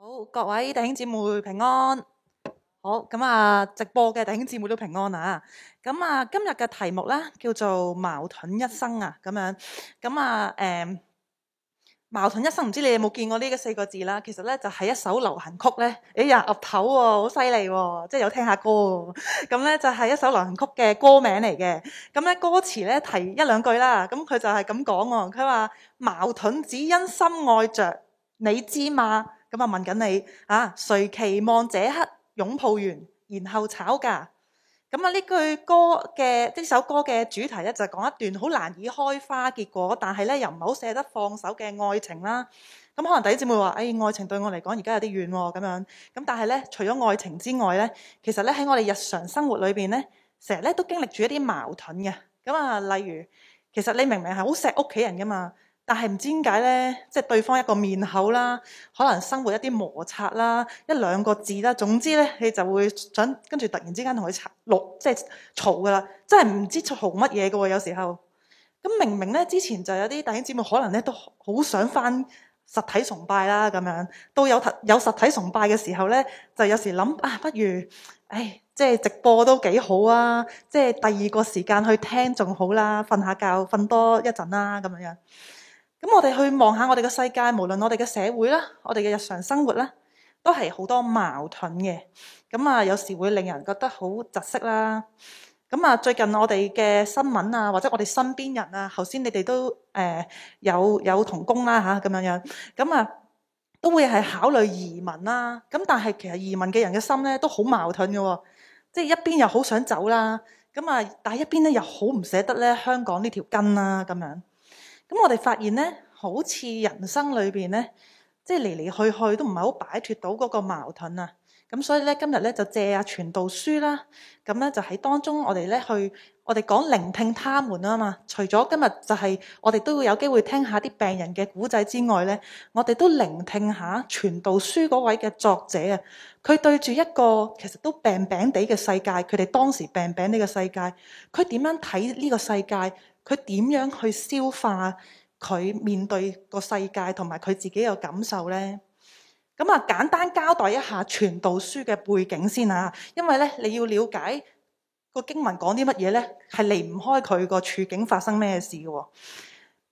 好，各位弟兄姊妹平安。好，咁啊，直播嘅弟兄姊妹都平安啊。咁啊，今日嘅題目咧叫做《矛盾一生》啊，咁樣。咁啊，誒、嗯，《矛盾一生》唔知你有冇見過呢個四個字啦？其實咧就係、是、一首流行曲咧。哎呀，岌頭喎、哦，好犀利喎，即係有聽下歌。咁、嗯、咧就係、是、一首流行曲嘅歌名嚟嘅。咁、嗯、咧歌詞咧提一兩句啦。咁佢就係咁講，佢話矛盾只因深愛着，你知嘛。」咁啊，問緊你啊，誰期望這刻擁抱完，然後吵架？咁啊，呢句歌嘅呢首歌嘅主題咧，就係講一段好難以開花結果，但係咧又唔係好捨得放手嘅愛情啦。咁可能弟兄姊妹話，誒、哎，愛情對我嚟講而家有啲遠喎，咁樣。咁但係咧，除咗愛情之外咧，其實咧喺我哋日常生活裏邊咧，成日咧都經歷住一啲矛盾嘅。咁啊，例如，其實你明明係好錫屋企人㗎嘛。但係唔知點解咧，即係對方一個面口啦，可能生活一啲摩擦啦，一兩個字啦，總之咧，你就會想跟住突然之間同佢吵，即係嘈噶啦，真係唔知嘈乜嘢嘅喎。有時候咁明明咧，之前就有啲弟兄姊妹可能咧都好想翻實體崇拜啦，咁樣到有有實體崇拜嘅時候咧，就有時諗啊，不如誒即係直播都幾好啊，即係第二個時間去聽仲好啦，瞓下覺瞓多一陣啦，咁樣。咁我哋去望下我哋嘅世界，無論我哋嘅社會啦，我哋嘅日常生活啦，都係好多矛盾嘅。咁啊，有時會令人覺得好窒息啦。咁啊，最近我哋嘅新聞啊，或者我哋身邊人啊，頭先你哋都誒、呃、有有同工啦吓，咁、啊、樣樣，咁啊都會係考慮移民啦。咁但係其實移民嘅人嘅心咧都好矛盾嘅、哦，即係一邊又好想走啦，咁啊，但係一邊咧又好唔捨得咧香港呢條根啦咁樣。咁我哋發現咧，好似人生裏邊咧，即係嚟嚟去去都唔係好擺脱到嗰個矛盾啊！咁所以咧，今日咧就借下傳道書啦，咁咧就喺當中我哋咧去，我哋講聆聽他們啊嘛。除咗今日就係我哋都會有機會聽下啲病人嘅古仔之外咧，我哋都聆聽下傳道書嗰位嘅作者啊，佢對住一個其實都病病地嘅世界，佢哋當時病病地嘅世界，佢點樣睇呢個世界？佢點樣去消化佢面對個世界同埋佢自己嘅感受咧？咁啊，簡單交代一下傳道書嘅背景先啊，因為咧你要了解個經文講啲乜嘢咧，係離唔開佢個處境發生咩事嘅。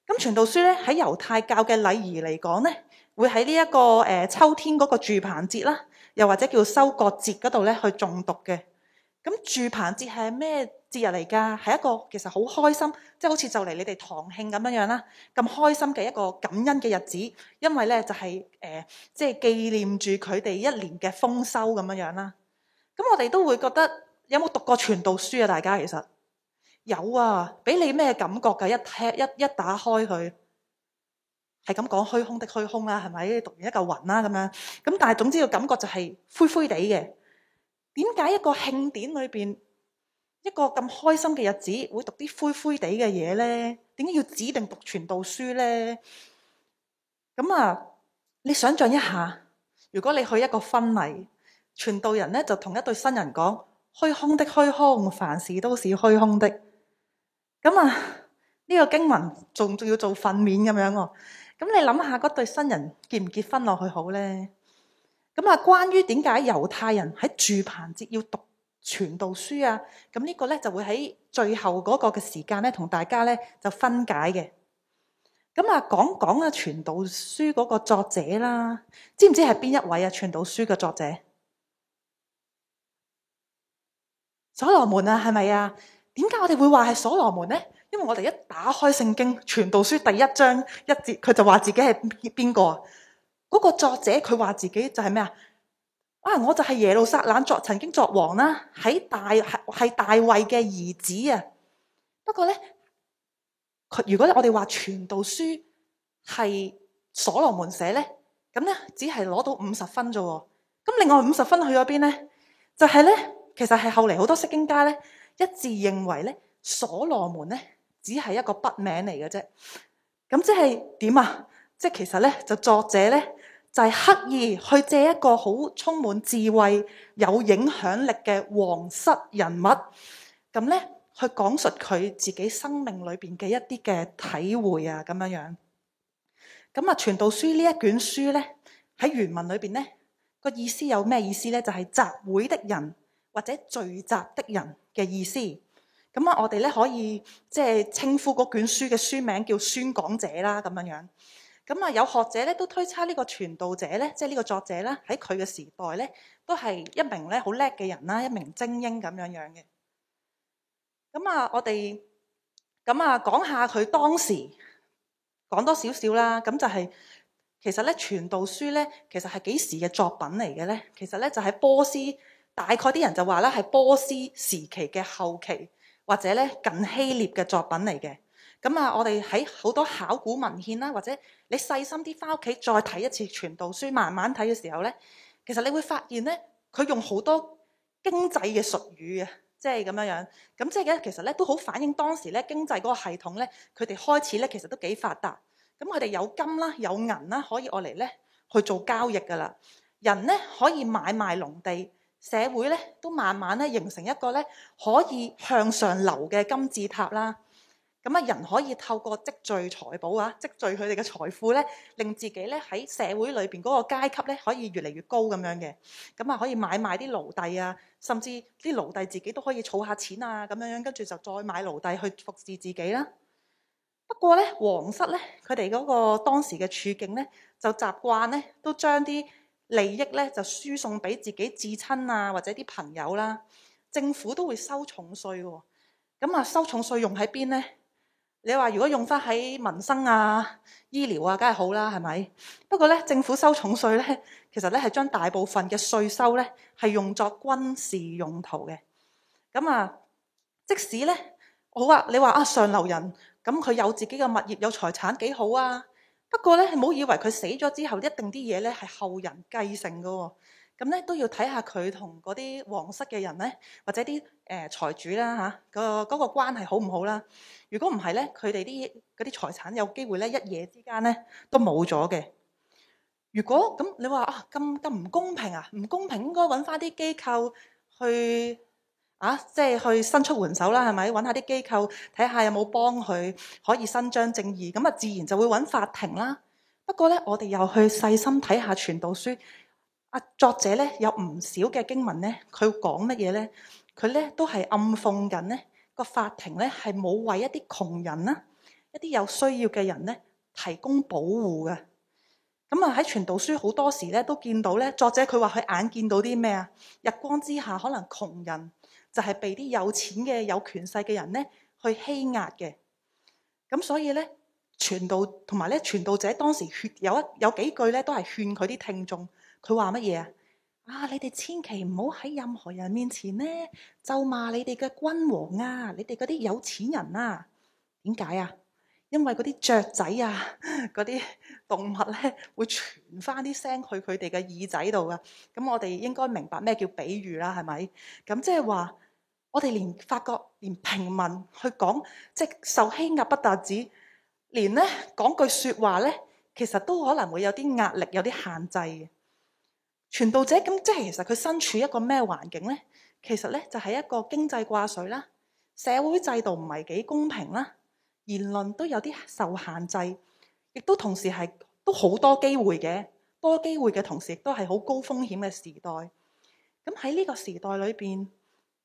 咁傳道書咧喺猶太教嘅禮儀嚟講咧，會喺呢一個誒、呃、秋天嗰個住棚節啦，又或者叫收割節嗰度咧去重讀嘅。咁住棚節係咩？日嚟噶，係一個其實好開心，即係好似就嚟你哋堂慶咁樣樣啦，咁開心嘅一個感恩嘅日子，因為咧就係、是、誒，即、呃、係、就是、紀念住佢哋一年嘅豐收咁樣樣啦。咁我哋都會覺得有冇讀過傳道書啊？大家其實有啊，俾你咩感覺噶？一睇一一打開佢，係咁講虛空的虛空啦，係咪？讀完一嚿雲啦、啊、咁樣。咁但係總之個感覺就係灰灰地嘅。點解一個慶典裏邊？一個咁開心嘅日子，會讀啲灰灰地嘅嘢咧？點解要指定讀傳道書咧？咁啊，你想象一下，如果你去一個婚禮，傳道人咧就同一對新人講：虛空的虛空，凡事都是虛空的。咁啊，呢個經文仲仲要做訓勉咁樣喎。咁你諗下，嗰對新人結唔結婚落去好咧？咁啊，關於點解猶太人喺住棚節要讀？傳道書啊，咁、這個、呢個咧就會喺最後嗰個嘅時間咧，同大家咧就分解嘅。咁、嗯、啊，講講啊，傳道書嗰個作者啦，知唔知係邊一位啊？傳道書嘅作者，所羅門啊，係咪啊？點解我哋會話係所羅門咧？因為我哋一打開聖經，傳道書第一章一節，佢就話自己係邊邊個啊？嗰、那個作者佢話自己就係咩啊？啊！我就係耶路撒冷作曾經作王啦，喺大係係大衛嘅兒子啊。不過咧，如果我哋話傳道書係所羅門寫咧，咁咧只係攞到五十分啫喎。咁另外五十分去咗邊咧？就係、是、咧，其實係後嚟好多釋經家咧一致認為咧，所羅門咧只係一個筆名嚟嘅啫。咁即係點啊？即係其實咧，就作者咧。就係刻意去借一個好充滿智慧，有影響力嘅皇室人物，咁咧去講述佢自己生命裏邊嘅一啲嘅體會啊，咁樣樣。咁啊，傳道書呢一卷書咧，喺原文裏邊咧個意思有咩意思咧？就係、是、集會的人或者聚集的人嘅意思。咁啊，我哋咧可以即係稱呼嗰卷書嘅書名叫宣講者啦，咁樣樣。咁啊，有學者咧都推測呢個傳道者咧，即係呢個作者啦，喺佢嘅時代咧，都係一名咧好叻嘅人啦，一名精英咁樣樣嘅。咁啊，我哋咁啊講下佢當時講多少少啦。咁就係其實咧，傳道書咧，其實係幾時嘅作品嚟嘅咧？其實咧就喺波斯，大概啲人就話咧係波斯時期嘅後期，或者咧近希臘嘅作品嚟嘅。咁啊，我哋喺好多考古文獻啦，或者你細心啲翻屋企再睇一次《傳道書》，慢慢睇嘅時候咧，其實你會發現咧，佢用好多經濟嘅術語啊，即係咁樣樣。咁即係咧，其實咧都好反映當時咧經濟嗰個系統咧，佢哋開始咧其實都幾發達。咁佢哋有金啦，有銀啦，可以我嚟咧去做交易噶啦。人咧可以買賣農地，社會咧都慢慢咧形成一個咧可以向上流嘅金字塔啦。咁啊，人可以透過積聚財寶啊，積聚佢哋嘅財富咧，令自己咧喺社會裏邊嗰個階級咧可以越嚟越高咁樣嘅。咁啊，可以買賣啲奴隸啊，甚至啲奴隸自己都可以儲下錢啊，咁樣樣跟住就再買奴隸去服侍自己啦。不過咧，皇室咧，佢哋嗰個當時嘅處境咧，就習慣咧，都將啲利益咧就輸送俾自己至親啊，或者啲朋友啦，啊。政府都會收重稅喎，咁啊，收重稅用喺邊咧？你話如果用翻喺民生啊、醫療啊，梗係好啦，係咪？不過咧，政府收重稅咧，其實咧係將大部分嘅稅收咧係用作軍事用途嘅。咁啊，即使咧好啊，你話啊上流人咁佢有自己嘅物業，有財產幾好啊？不過咧，你唔好以為佢死咗之後一定啲嘢咧係後人繼承噶喎。咁咧都要睇下佢同嗰啲皇室嘅人咧，或者啲誒、呃、財主啦嚇，啊嗰個嗰、嗰個關係好唔好啦？如果唔係咧，佢哋啲啲財產有機會咧一夜之間咧都冇咗嘅。如果咁你話啊咁咁唔公平啊，唔公平應該揾翻啲機構去啊，即係去伸出援手啦，係咪？揾下啲機構睇下有冇幫佢可以伸張正義，咁啊自然就會揾法庭啦。不過咧，我哋又去細心睇下《傳道書》。作者咧有唔少嘅經文咧，佢講乜嘢咧？佢咧都係暗諷緊咧個法庭咧，係冇為一啲窮人啦，一啲有需要嘅人咧提供保護嘅。咁啊，喺傳道書好多時咧都見到咧，作者佢話佢眼見到啲咩啊？日光之下，可能窮人就係被啲有錢嘅、有權勢嘅人咧去欺壓嘅。咁所以咧，傳道同埋咧傳道者當時勸有一有幾句咧，都係勸佢啲聽眾。佢話乜嘢啊？啊！你哋千祈唔好喺任何人面前咧，咒罵你哋嘅君王啊，你哋嗰啲有錢人啊。點解啊？因為嗰啲雀仔啊，嗰 啲動物咧會傳翻啲聲去佢哋嘅耳仔度啊。咁我哋應該明白咩叫比喻啦？係咪咁即係話我哋連發覺，連平民去講即係受欺壓不但止，連咧講句説話咧，其實都可能會有啲壓力，有啲限制嘅。傳道者咁，即係其實佢身處一個咩環境咧？其實咧就係一個經濟掛水啦，社會制度唔係幾公平啦，言論都有啲受限制，亦都同時係都好多機會嘅，多機會嘅同時亦都係好高風險嘅時代。咁喺呢個時代裏邊，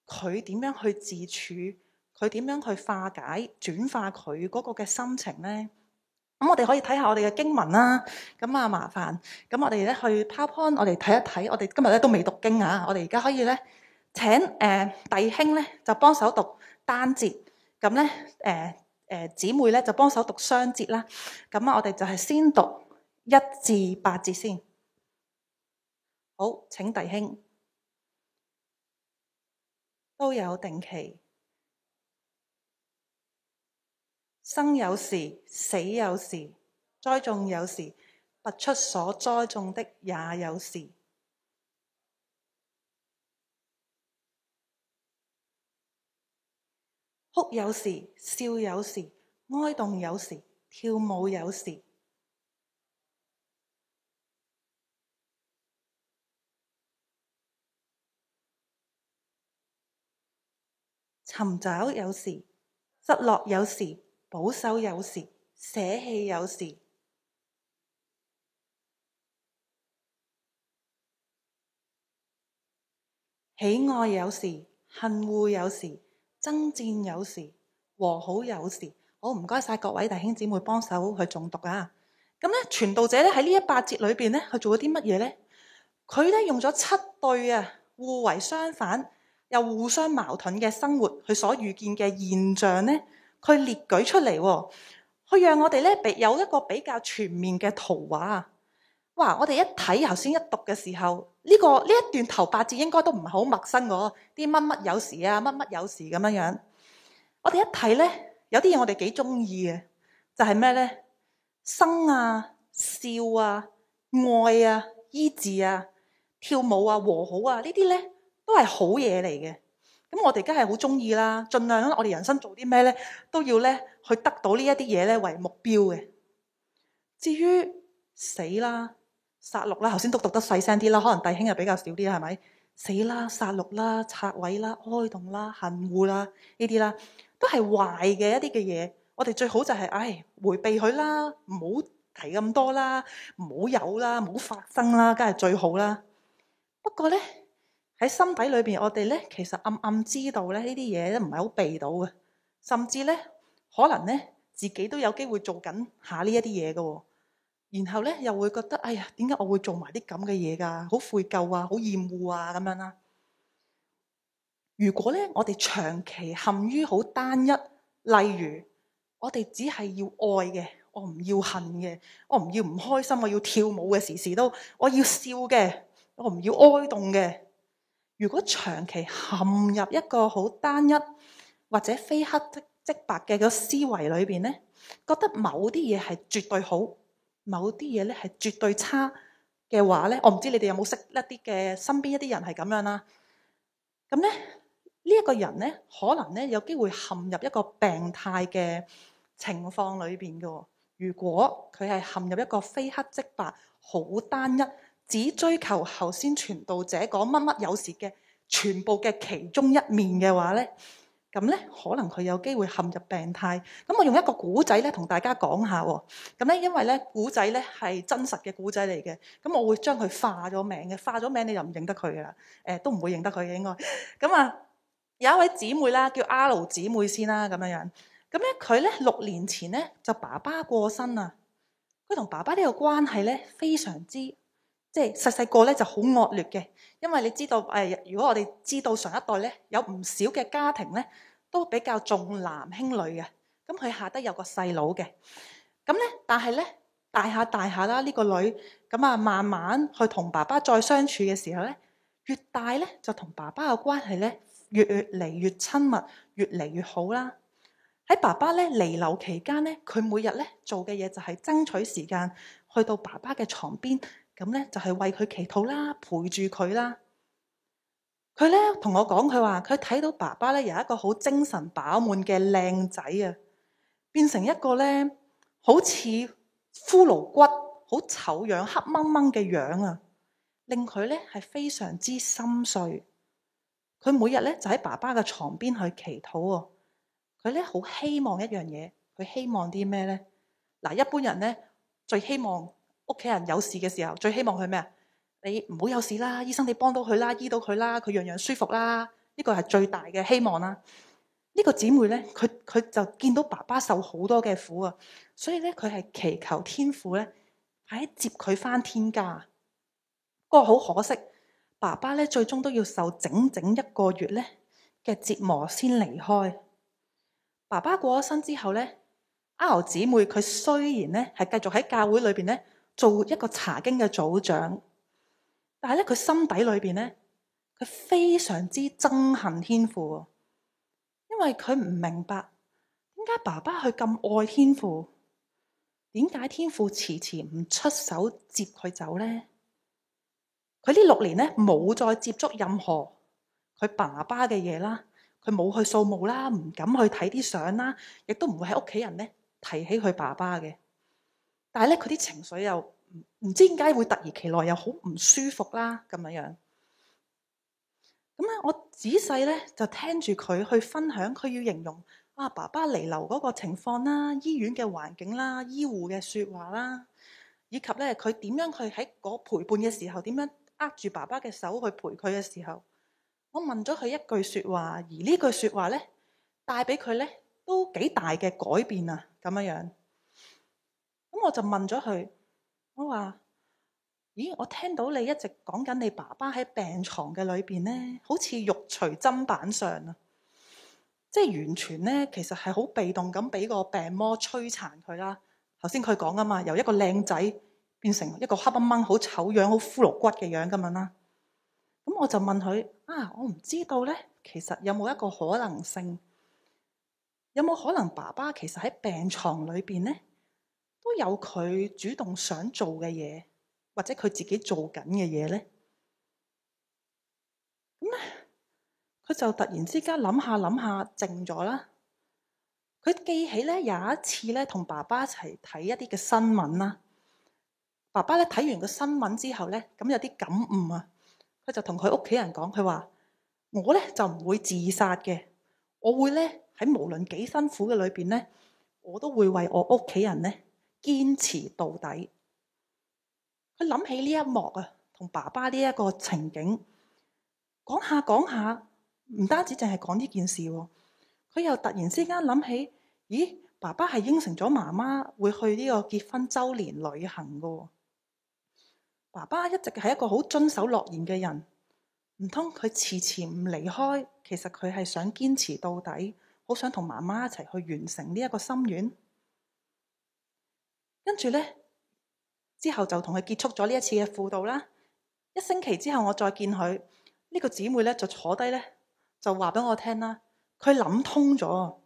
佢點樣去自處？佢點樣去化解、轉化佢嗰個嘅心情咧？咁我哋可以睇下我哋嘅經文啦。咁啊，麻煩。咁我哋咧去 PowerPoint，我哋睇一睇。我哋今日咧都未讀經啊。我哋而家可以咧請誒、呃、弟兄咧就幫手讀單節。咁咧誒誒姊妹咧就幫手讀雙節啦。咁啊，我哋就係先讀一至八節先。好，請弟兄都有定期。生有時，死有時；栽種有時，拔出所栽種的也有時。哭有時，笑有時；哀慟有時，跳舞有時；尋找有時，失落有時。保守有時，捨棄有時；喜愛有時，恨惡有時；爭戰有時，和好有時。好唔該晒，各位弟兄姊妹幫手去誦讀啊！咁、嗯、咧，傳道者咧喺呢一八節裏邊咧，佢做咗啲乜嘢咧？佢咧用咗七對啊互為相反又互相矛盾嘅生活，佢所遇見嘅現象咧。佢列舉出嚟，佢讓我哋咧有一個比較全面嘅圖畫。哇！我哋一睇頭先一讀嘅時候，呢、這個呢一段頭八字應該都唔係好陌生噶。啲乜乜有時啊，乜乜有時咁樣樣。我哋一睇咧，有啲嘢我哋幾中意嘅，就係咩咧？生啊、笑啊、愛啊、醫治啊、跳舞啊、和好啊，呢啲咧都係好嘢嚟嘅。咁我哋梗係好中意啦，盡量我哋人生做啲咩咧，都要咧去得到呢一啲嘢咧為目標嘅。至於死啦、殺戮啦，頭先都讀得細聲啲啦，可能弟兄又比較少啲啦，係咪？死啦、殺戮啦、拆毀啦、開洞啦、恨惡啦呢啲啦，都係壞嘅一啲嘅嘢。我哋最好就係，唉回避佢啦，唔好提咁多啦，唔好有啦，唔好發生啦，梗係最好啦。不過咧。喺心底裏邊，我哋咧其實暗暗知道咧呢啲嘢都唔係好避到嘅，甚至咧可能咧自己都有機會做緊下呢一啲嘢嘅。然後咧又會覺得哎呀，點解我會做埋啲咁嘅嘢噶？好悔疚啊，好厭惡啊，咁樣啦。如果咧我哋長期陷於好單一，例如我哋只係要愛嘅，我唔要恨嘅，我唔要唔開心，我要跳舞嘅，時時都我要笑嘅，我唔要哀慟嘅。如果長期陷入一個好單一或者非黑即即白嘅個思維裏邊咧，覺得某啲嘢係絕對好，某啲嘢咧係絕對差嘅話咧，我唔知你哋有冇識一啲嘅身邊一啲人係咁樣啦。咁咧呢一個人咧，可能咧有機會陷入一個病態嘅情況裏邊嘅。如果佢係陷入一個非黑即白、好單一。只追求頭先傳道者講乜乜有事嘅全部嘅其中一面嘅話咧，咁咧可能佢有機會陷入病態。咁我用一個古仔咧同大家講下喎。咁咧因為咧古仔咧係真實嘅古仔嚟嘅，咁我會將佢化咗名嘅，化咗名你就唔認得佢噶啦，誒都唔會認得佢嘅應該。咁啊有一位姊妹啦，叫阿盧姊妹先啦，咁樣樣。咁咧佢咧六年前咧就爸爸過身啦，佢同爸爸呢個關係咧非常之。即係細細個咧就好惡劣嘅，因為你知道誒、呃，如果我哋知道上一代咧有唔少嘅家庭咧都比較重男輕女嘅，咁佢下得有個細佬嘅，咁咧但係咧大下大下啦呢個女，咁啊慢慢去同爸爸再相處嘅時候咧，越大咧就同爸爸嘅關係咧越嚟越親密，越嚟越好啦。喺爸爸咧彌留期間咧，佢每日咧做嘅嘢就係爭取時間去到爸爸嘅床邊。咁咧就係為佢祈禱啦，陪住佢啦。佢咧同我講，佢話佢睇到爸爸咧由一個好精神飽滿嘅靚仔啊，變成一個咧好似骷髏骨，好醜樣，黑掹掹嘅樣啊，令佢咧係非常之心碎。佢每日咧就喺爸爸嘅床邊去祈禱喎。佢咧好希望一樣嘢，佢希望啲咩咧？嗱，一般人咧最希望。屋企人有事嘅時候，最希望佢咩？你唔好有事啦，醫生你幫到佢啦，醫到佢啦，佢樣樣舒服啦，呢、呢個係最大嘅希望啦。呢個、姐呢個姊妹咧，佢佢就見到爸爸受好多嘅苦啊，所以咧佢係祈求天父咧喺接佢返天家。不過好可惜，爸爸咧最終都要受整整一個月咧嘅折磨先離開。爸爸過咗身之後咧，阿娥姊妹佢雖然咧係繼續喺教會裏邊咧。做一個查經嘅組長，但係咧佢心底裏邊咧，佢非常之憎恨天父，因為佢唔明白點解爸爸佢咁愛天父，點解天父遲遲唔出手接佢走咧？佢呢六年咧冇再接觸任何佢爸爸嘅嘢啦，佢冇去掃墓啦，唔敢去睇啲相啦，亦都唔會喺屋企人咧提起佢爸爸嘅。但係咧，佢啲情緒又唔知點解會突然其來又好唔舒服啦咁樣樣。咁咧，我仔細咧就聽住佢去分享，佢要形容啊爸爸彌留嗰個情況啦、醫院嘅環境啦、醫護嘅說話啦，以及咧佢點樣去喺嗰陪伴嘅時候，點樣握住爸爸嘅手去陪佢嘅時候，我問咗佢一句說話，而句話呢句說話咧帶俾佢咧都幾大嘅改變啊！咁樣樣。我就問咗佢，我話：咦，我聽到你一直講緊你爸爸喺病床嘅裏邊咧，好似玉除砧板上啊，即係完全咧，其實係好被動咁俾個病魔摧殘佢啦。頭先佢講啊嘛，由一個靚仔變成一個黑掹掹、好醜、醜樣、好骷髏骨嘅樣咁樣啦。咁我就問佢：啊，我唔知道咧，其實有冇一個可能性，有冇可能爸爸其實喺病床裏邊咧？都有佢主動想做嘅嘢，或者佢自己做緊嘅嘢咧。咁咧，佢就突然之間諗下諗下靜咗啦。佢記起咧有一次咧，同爸爸一齊睇一啲嘅新聞啦。爸爸咧睇完個新聞之後咧，咁有啲感悟啊。佢就同佢屋企人講，佢話我咧就唔會自殺嘅，我會咧喺無論幾辛苦嘅裏邊咧，我都會為我屋企人咧。堅持到底。佢諗起呢一幕啊，同爸爸呢一個情景講下講下，唔單止淨係講呢件事喎。佢又突然之間諗起，咦，爸爸係應承咗媽媽會去呢個結婚週年旅行嘅。爸爸一直係一個好遵守諾言嘅人，唔通佢遲遲唔離開，其實佢係想堅持到底，好想同媽媽一齊去完成呢一個心願。跟住咧，之後就同佢結束咗呢一次嘅輔導啦。一星期之後，我再見佢，呢個姊妹咧就坐低咧就話俾我聽啦。佢諗通咗，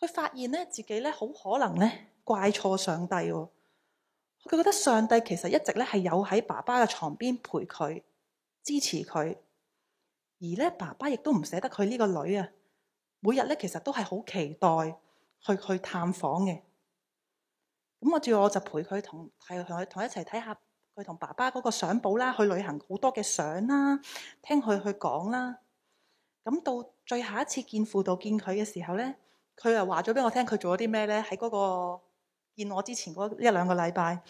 佢發現咧自己咧好可能咧怪錯上帝。佢覺得上帝其實一直咧係有喺爸爸嘅床邊陪佢支持佢，而咧爸爸亦都唔捨得佢呢個女啊。每日咧其實都係好期待去去探訪嘅。咁我仲，我就陪佢同係同佢同一齊睇下佢同爸爸嗰個相簿啦，去旅行好多嘅相啦，聽佢去講啦。咁到最後一次見輔導見佢嘅時候咧，佢又話咗俾我聽，佢做咗啲咩咧？喺嗰個見我之前嗰一兩個禮拜，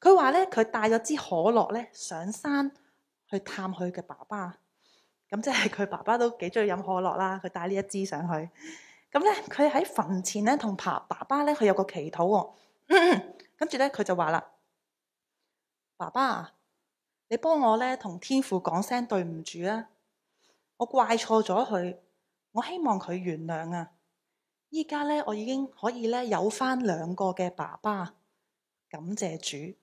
佢話咧佢帶咗支可樂咧上山去探佢嘅爸爸。咁即係佢爸爸都幾中意飲可樂啦，佢帶呢一支上去。咁咧佢喺墳前咧同爸爸爸咧，佢有個祈禱喎。跟住咧，佢、嗯、就話啦：爸爸，你幫我咧同天父講聲對唔住啊！我怪錯咗佢，我希望佢原諒啊！依家咧我已經可以咧有返兩個嘅爸爸，感謝主。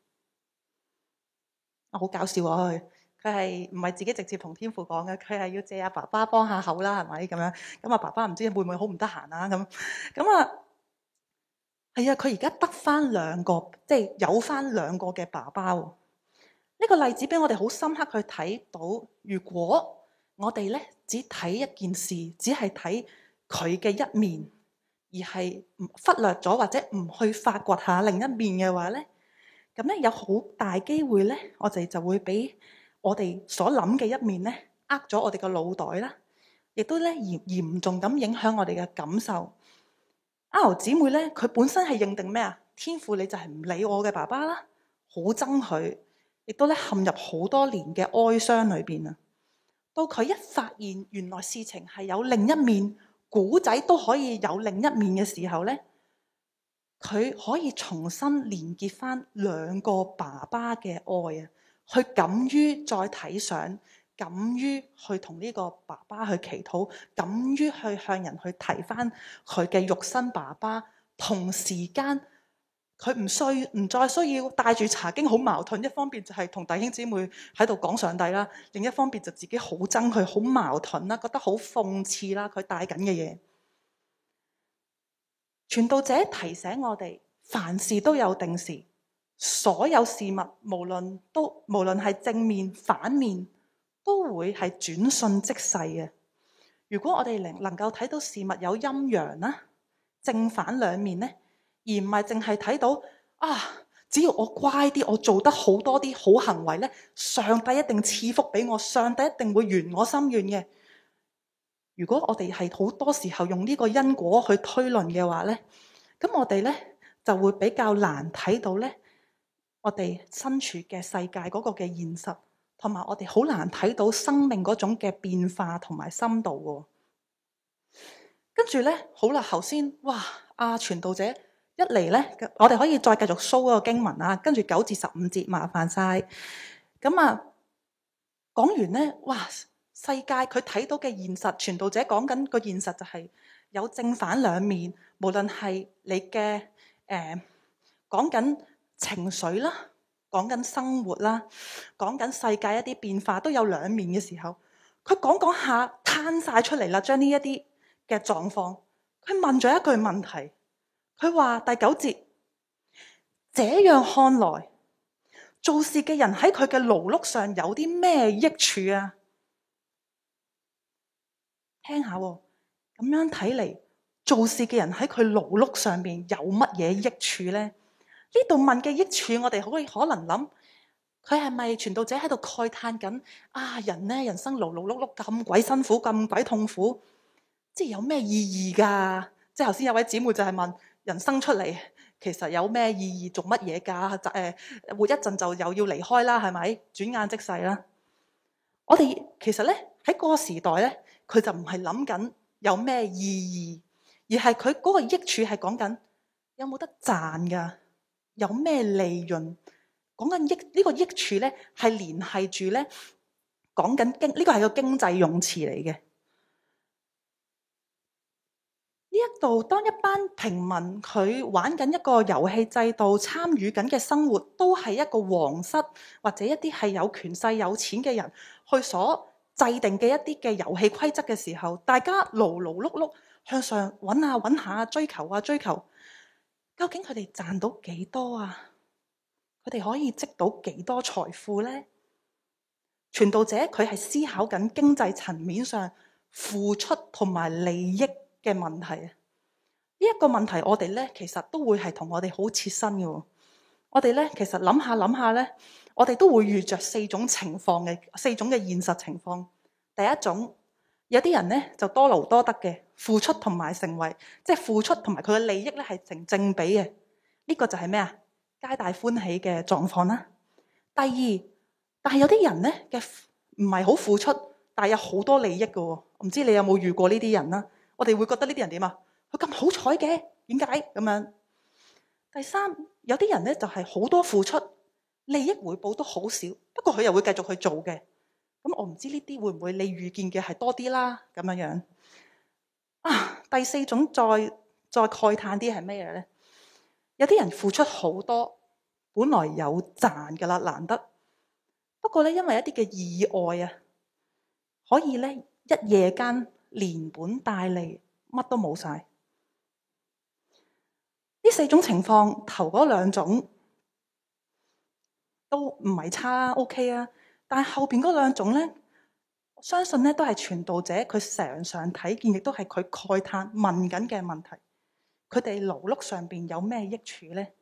啊，好搞笑啊！佢佢係唔係自己直接同天父講嘅？佢係要借阿爸爸幫，幫下口啦，係咪咁樣？咁啊，爸爸唔知會唔會好唔得閒啊？咁咁啊！係啊，佢而家得翻兩個，即係有翻兩個嘅爸爸。呢個例子俾我哋好深刻去睇到，如果我哋咧只睇一件事，只係睇佢嘅一面，而係忽略咗或者唔去發掘下另一面嘅話咧，咁咧有好大機會咧，我哋就會俾我哋所諗嘅一面咧，呃咗我哋個腦袋啦，亦都咧嚴嚴重咁影響我哋嘅感受。阿姊妹咧，佢本身係認定咩啊？天父你就係唔理我嘅爸爸啦，好憎佢，亦都咧陷入好多年嘅哀傷裏邊啊。到佢一發現原來事情係有另一面，古仔都可以有另一面嘅時候咧，佢可以重新連結翻兩個爸爸嘅愛啊，去敢於再睇上。敢於去同呢個爸爸去祈禱，敢於去向人去提翻佢嘅肉身爸爸。同時間，佢唔需唔再需要帶住茶經，好矛盾。一方面就係同弟兄姊妹喺度講上帝啦，另一方面就自己好憎佢，好矛盾啦，覺得好諷刺啦，佢帶緊嘅嘢。傳道者提醒我哋，凡事都有定時，所有事物無論都無論係正面反面。都會係轉瞬即逝嘅。如果我哋能能夠睇到事物有陰陽啦、正反兩面咧，而唔係淨係睇到啊，只要我乖啲，我做得好多啲好行為咧，上帝一定賜福俾我，上帝一定會圓我心願嘅。如果我哋係好多時候用呢個因果去推論嘅話咧，咁我哋咧就會比較難睇到咧，我哋身處嘅世界嗰個嘅現實。同埋我哋好難睇到生命嗰種嘅變化同埋深度嘅，跟住咧，好啦，頭先，哇！阿、啊、傳道者一嚟咧，我哋可以再繼續 show 嗰個經文啊，跟住九至十五節，麻煩晒。咁、嗯、啊，講完咧，哇！世界佢睇到嘅現實，傳道者講緊個現實就係有正反兩面，無論係你嘅誒、呃，講緊情緒啦。講緊生活啦，講緊世界一啲變化都有兩面嘅時候，佢講講下攤晒出嚟啦，將呢一啲嘅狀況，佢問咗一句問題，佢話第九節，這樣看來，做事嘅人喺佢嘅勞碌上有啲咩益處啊？聽下、哦，咁樣睇嚟，做事嘅人喺佢勞碌上面有乜嘢益處呢？」呢度問嘅益處，我哋可以可能諗佢係咪傳道者喺度慨嘆緊啊！人咧，人生勞勞碌碌咁鬼辛苦，咁鬼痛苦，即係有咩意義㗎？即係頭先有位姊妹就係問人生出嚟其實有咩意義，做乜嘢㗎？誒、呃、活一陣就又要離開啦，係咪？轉眼即逝啦。我哋其實咧喺嗰個時代咧，佢就唔係諗緊有咩意義，而係佢嗰個益處係講緊有冇得賺㗎。有咩利潤？講緊益呢個益處咧，係聯繫住咧，講緊經呢個係個經濟用詞嚟嘅。呢一度，當一班平民佢玩緊一個遊戲制度，參與緊嘅生活，都係一個皇室或者一啲係有權勢、有錢嘅人去所制定嘅一啲嘅遊戲規則嘅時候，大家勞勞碌碌向上揾下揾下，追求啊追求。究竟佢哋賺到幾多啊？佢哋可以積到幾多財富呢？傳道者佢係思考緊經濟層面上付出同埋利益嘅問題。呢、這、一個問題我哋咧其實都會係同我哋好切身嘅。我哋咧其實諗下諗下咧，我哋都會遇着四種情況嘅四種嘅現實情況。第一種。有啲人咧就多勞多得嘅，付出同埋成為即係付出同埋佢嘅利益咧係成正比嘅，呢個就係咩啊？皆大歡喜嘅狀況啦。第二，但係有啲人咧嘅唔係好付出，但係有好多利益噶喎。唔知你有冇遇過呢啲人啦？我哋會覺得呢啲人點啊？佢咁好彩嘅，點解咁樣？第三，有啲人咧就係好多付出，利益回報都好少，不過佢又會繼續去做嘅。咁、嗯、我唔知呢啲會唔會你遇見嘅，係多啲啦，咁樣樣啊。第四種再再慨嘆啲係咩嘢咧？有啲人付出好多，本來有賺噶啦，難得。不過咧，因為一啲嘅意外啊，可以咧一夜間連本帶利乜都冇晒。呢四種情況頭嗰兩種都唔係差，OK 啊。但係後邊嗰兩種咧，我相信咧都係傳道者佢常常睇見，亦都係佢慨嘆問緊嘅問題。佢哋勞碌上邊有咩益處咧？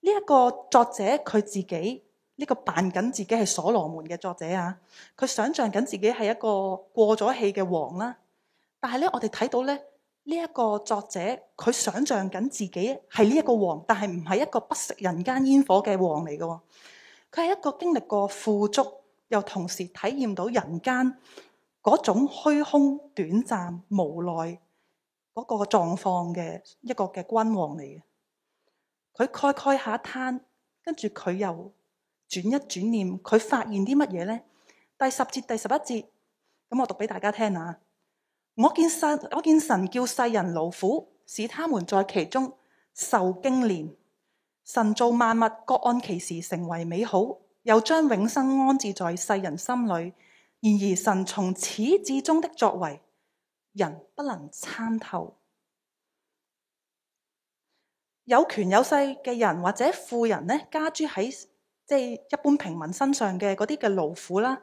呢一個作者佢自己呢個扮緊自己係所羅門嘅作者啊，佢想象緊自己係一個過咗氣嘅王啦。但係咧，我哋睇到咧呢一個作者佢想象緊自己係呢一個王，但係唔係一個不食人間煙火嘅王嚟嘅。佢係一個經歷過富足，又同時體驗到人間嗰種虛空、短暫、無奈嗰、那個狀況嘅一個嘅君王嚟嘅。佢蓋蓋下一攤，跟住佢又轉一轉念，佢發現啲乜嘢咧？第十節、第十一節，咁我讀俾大家聽啊！我見神，我見神叫世人勞苦，使他們在其中受經練。神造萬物，各按其時成為美好，又將永生安置在世人心裏。然而，神從始至終的作為，人不能參透。有權有勢嘅人或者富人呢？加諸喺即係一般平民身上嘅嗰啲嘅勞苦啦，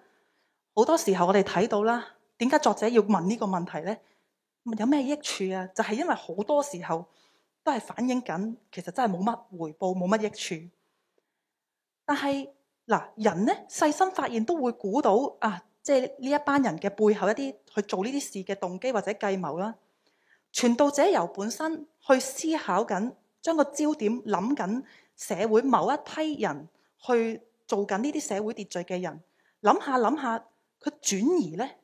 好多時候我哋睇到啦。點解作者要問呢個問題呢？有咩益處啊？就係因為好多時候，都係反映緊，其實真係冇乜回報，冇乜益處。但係嗱，人呢，細心發現都會估到啊，即係呢一班人嘅背後一啲去做呢啲事嘅動機或者計謀啦。傳道者由本身去思考緊，將個焦點諗緊社會某一批人去做緊呢啲社會秩序嘅人，諗下諗下，佢轉移咧，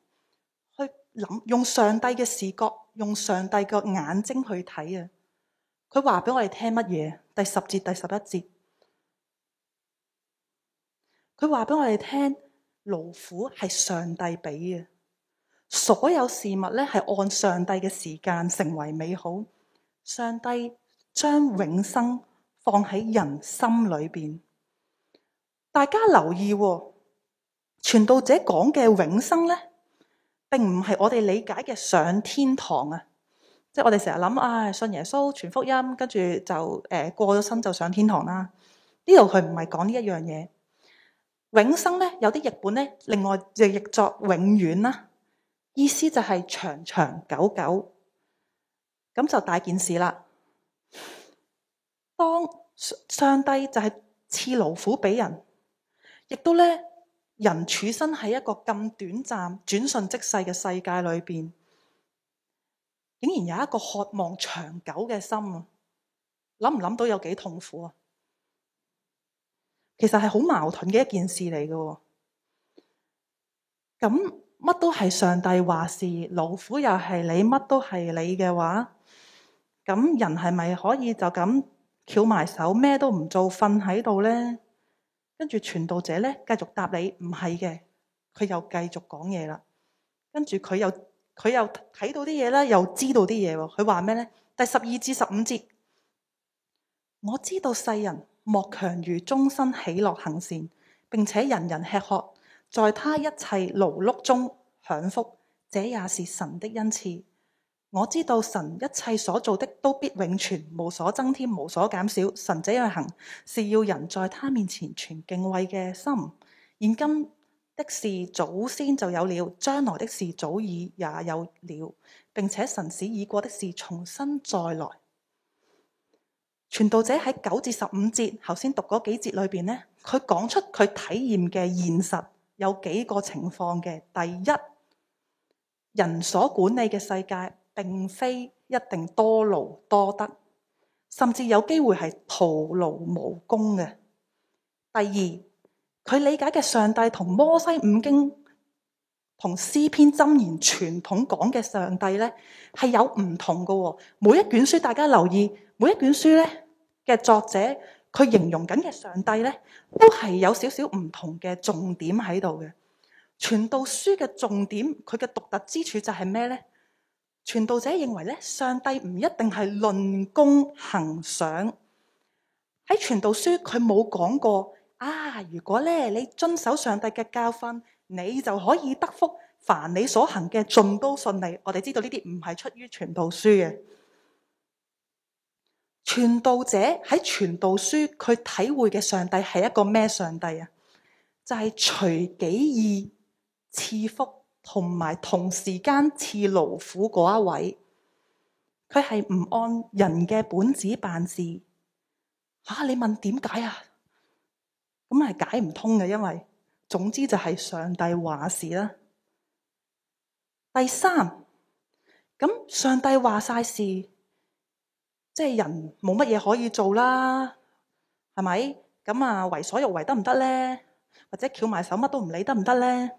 去諗用上帝嘅視覺，用上帝個眼睛去睇啊！佢話俾我哋聽乜嘢？第十節、第十一節，佢話俾我哋聽，勞苦係上帝俾嘅，所有事物咧，係按上帝嘅時間成為美好。上帝將永生放喺人心裏邊。大家留意，傳道者講嘅永生咧，並唔係我哋理解嘅上天堂啊。我哋成日諗，唉、哎，信耶穌，傳福音，跟住就誒、呃、過咗身就上天堂啦。呢度佢唔係講呢一樣嘢。永生咧，有啲譯本咧，另外亦譯作永遠啦，意思就係長長久久，咁就大件事啦。當上帝就係賜勞苦畀人，亦都咧人處身喺一個咁短暫、轉瞬即逝嘅世界裏邊，竟然有一個渴望長久嘅心，啊，諗唔諗到有幾痛苦啊？其實係好矛盾嘅一件事嚟嘅。咁乜都係上帝話事，勞苦又係你，乜都係你嘅話，咁人係咪可以就咁翹埋手咩都唔做，瞓喺度呢？跟住傳道者咧，繼續答你唔係嘅，佢又繼續講嘢啦，跟住佢又。佢又睇到啲嘢啦，又知道啲嘢喎。佢話咩咧？第十二至十五節，我知道世人莫強如終身喜樂行善，並且人人吃喝，在他一切勞碌中享福，這也是神的恩賜。我知道神一切所做的都必永存，無所增添，無所減少。神這樣行是要人在他面前存敬畏嘅心。現今的事祖先就有了，將來的事早已也有了，並且神使已過的事重新再來。傳道者喺九至十五節，頭先讀嗰幾節裏邊呢，佢講出佢體驗嘅現實有幾個情況嘅。第一，人所管理嘅世界，並非一定多勞多得，甚至有機會係徒勞無功嘅。第二。佢理解嘅上帝同摩西五經同詩篇箴言傳統講嘅上帝呢係有唔同噶喎。每一卷書，大家留意，每一卷書呢嘅作者佢形容緊嘅上帝呢都係有少少唔同嘅重點喺度嘅。傳道書嘅重點，佢嘅獨特之處就係咩呢？傳道者認為呢，上帝唔一定係論功行賞。喺傳道書，佢冇講過。啊！如果咧你遵守上帝嘅教訓，你就可以得福。凡你所行嘅盡都順利。我哋知道呢啲唔係出於傳道書嘅。傳道者喺傳道書，佢體會嘅上帝係一個咩上帝啊？就係、是、隨己意賜福同埋同時間賜勞苦嗰一位。佢係唔按人嘅本旨辦事。吓、啊，你問點解啊？咁係解唔通嘅。因為總之就係上帝話事啦。第三咁，上帝話晒事，即係人冇乜嘢可以做啦，係咪咁啊？為所欲為得唔得呢？或者翹埋手乜都唔理得唔得呢？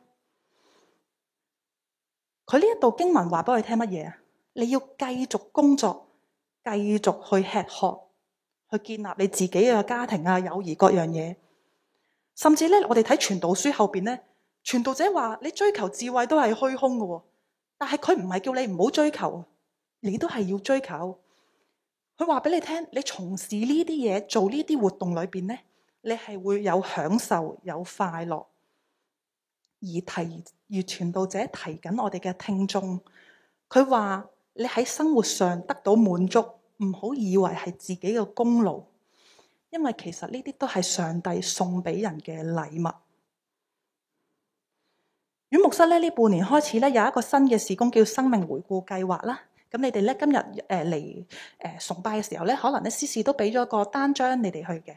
佢呢一度經文話俾佢聽乜嘢？你要繼續工作，繼續去吃喝，去建立你自己嘅家庭啊、友誼各樣嘢。甚至咧，我哋睇傳道書後邊咧，傳道者話你追求智慧都係虛空嘅，但係佢唔係叫你唔好追求，你都係要追求。佢話俾你聽，你從事呢啲嘢，做呢啲活動裏邊咧，你係會有享受、有快樂。而提而傳道者提緊我哋嘅聽眾，佢話你喺生活上得到滿足，唔好以為係自己嘅功勞。因為其實呢啲都係上帝送俾人嘅禮物。院牧室咧呢半年開始咧有一個新嘅事工叫生命回顧計劃啦。咁你哋咧今日誒嚟誒崇拜嘅時候咧，可能咧司事都俾咗個單張你哋去嘅。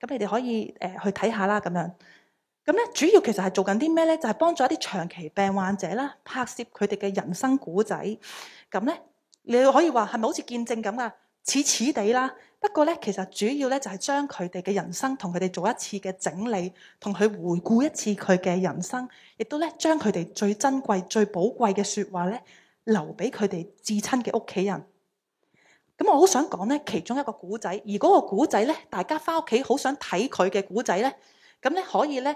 咁你哋可以誒、呃、去睇下啦，咁樣。咁咧主要其實係做緊啲咩咧？就係、是、幫助一啲長期病患者啦，拍攝佢哋嘅人生古仔。咁咧你可以話係咪好似見證咁啊？似似地啦。不過咧，其實主要咧就係將佢哋嘅人生同佢哋做一次嘅整理，同佢回顧一次佢嘅人生，亦都咧將佢哋最珍貴、最寶貴嘅説話咧留俾佢哋至親嘅屋企人。咁我好想講咧，其中一個故仔，而嗰個故仔咧，大家返屋企好想睇佢嘅故仔咧，咁咧可以咧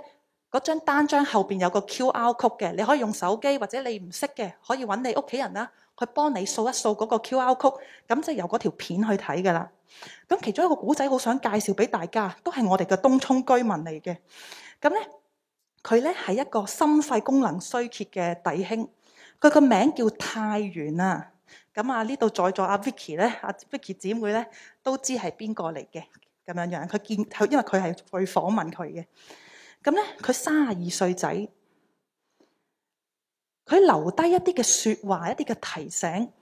嗰張單張後邊有個 QR Code 嘅，你可以用手機或者你唔識嘅，可以揾你屋企人啦。佢幫你掃一掃嗰個 QR Code，咁即係由嗰條片去睇㗎啦。咁其中一個古仔好想介紹俾大家，都係我哋嘅東涌居民嚟嘅。咁咧，佢咧係一個心肺功能衰竭嘅弟兄，佢個名叫太原啊。咁啊，呢度在座阿、啊、Vicky 咧，阿、啊、Vicky 姊妹咧都知係邊個嚟嘅咁樣樣。佢見，因為佢係去訪問佢嘅。咁咧，佢三十二歲仔。佢留低一啲嘅説話，一啲嘅提醒，